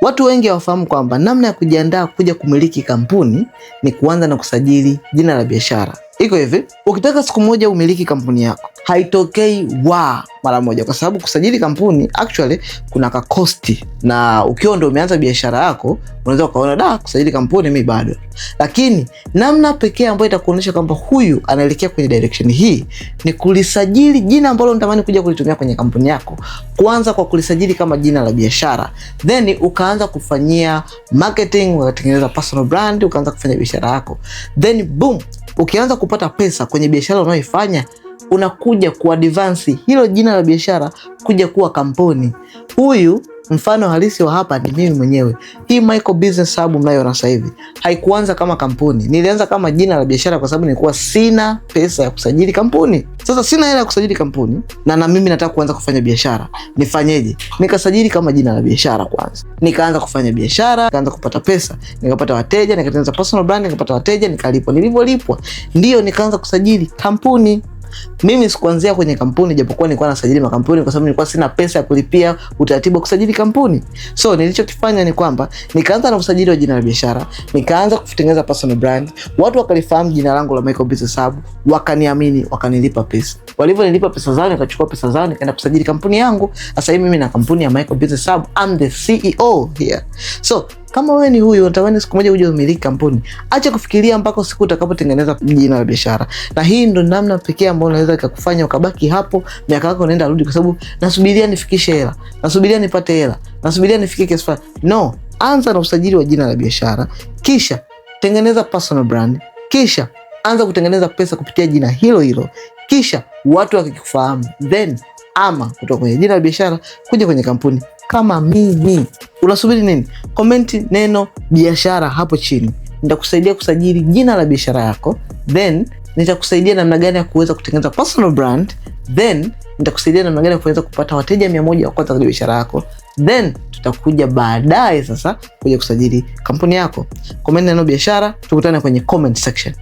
Watu wengi hawafahamu kwamba namna ya kujiandaa kuja kumiliki kampuni ni kuanza na kusajili jina la biashara. Iko hivi, ukitaka siku moja umiliki kampuni yako, haitokei wa mara moja, kwa sababu kusajili kampuni actually kuna kakosti, na ukiwa ndo umeanza biashara yako unaweza ukaona da, kusajili kampuni mi bado. Lakini namna pekee ambayo itakuonyesha kwamba huyu anaelekea kwenye direction hii ni kulisajili jina ambalo unatamani kuja kulitumia kwenye kampuni yako, kuanza kwa kulisajili kama jina la biashara, then ukaanza kufanyia marketing, ukatengeneza personal brand, ukaanza kufanya biashara yako, then boom, ukianza kupata pesa kwenye biashara unayoifanya unakuja kuadvansi hilo jina la biashara kuja kuwa kampuni. Huyu mfano halisi wa hapa ni mimi mwenyewe. Hii Michael Business Hub mnayoona sasa hivi haikuanza kama kampuni, nilianza kama jina la biashara kwa sababu nilikuwa sina pesa ya kusajili kampuni. Sasa sina hela ya kusajili kampuni na na mimi nataka kuanza kufanya biashara, nifanyeje? Nikasajili kama jina la biashara kwanza, nikaanza kufanya biashara, nikaanza kupata pesa, nikapata wateja, nikatengeneza personal brand, nikapata wateja, nikalipwa. Nilivyolipwa ndio nikaanza kusajili kampuni. Mimi sikuanzia kwenye kampuni, japokuwa nilikuwa nasajili makampuni kwa sababu nilikuwa sina pesa ya kulipia utaratibu wa kusajili kampuni. So nilichokifanya ni kwamba nikaanza na usajili wa jina la biashara, nikaanza kutengeneza personal brand, watu wakalifahamu jina langu la Michael Business Hub, wakaniamini, wakanilipa pesa. Walivyonilipa pesa zao, nikachukua pesa zao, nikaenda kusajili kampuni yangu. Sasa hivi mimi na kampuni ya Michael Business Hub, I'm the CEO here. So kama wewe ni huyu, natamani siku moja uje umiliki kampuni. Acha kufikiria mpaka siku utakapotengeneza jina la biashara, na hii ndo namna pekee ambayo unaweza ikakufanya ukabaki hapo miaka yako unaenda rudi, kwa sababu nasubiria nifikishe hela, nasubiria nipate hela, nasubiria nifikie kiasi fulani. No, anza na usajili wa jina la biashara, kisha tengeneza personal brand, kisha anza kutengeneza pesa kupitia jina hilo hilo, kisha watu wakikufahamu, then ama kutoka kwenye jina la biashara kuja kwenye kampuni kama mimi. Unasubiri nini? Komenti neno biashara hapo chini, nitakusaidia kusajili jina la biashara yako, then nitakusaidia namna gani ya kuweza kutengeneza personal brand, then nitakusaidia namna gani ya kuweza kupata wateja mia moja wa kwanza kwenye biashara yako, then tutakuja baadaye sasa kuja kusajili kampuni yako. Komenti neno biashara, tukutane kwenye comment section.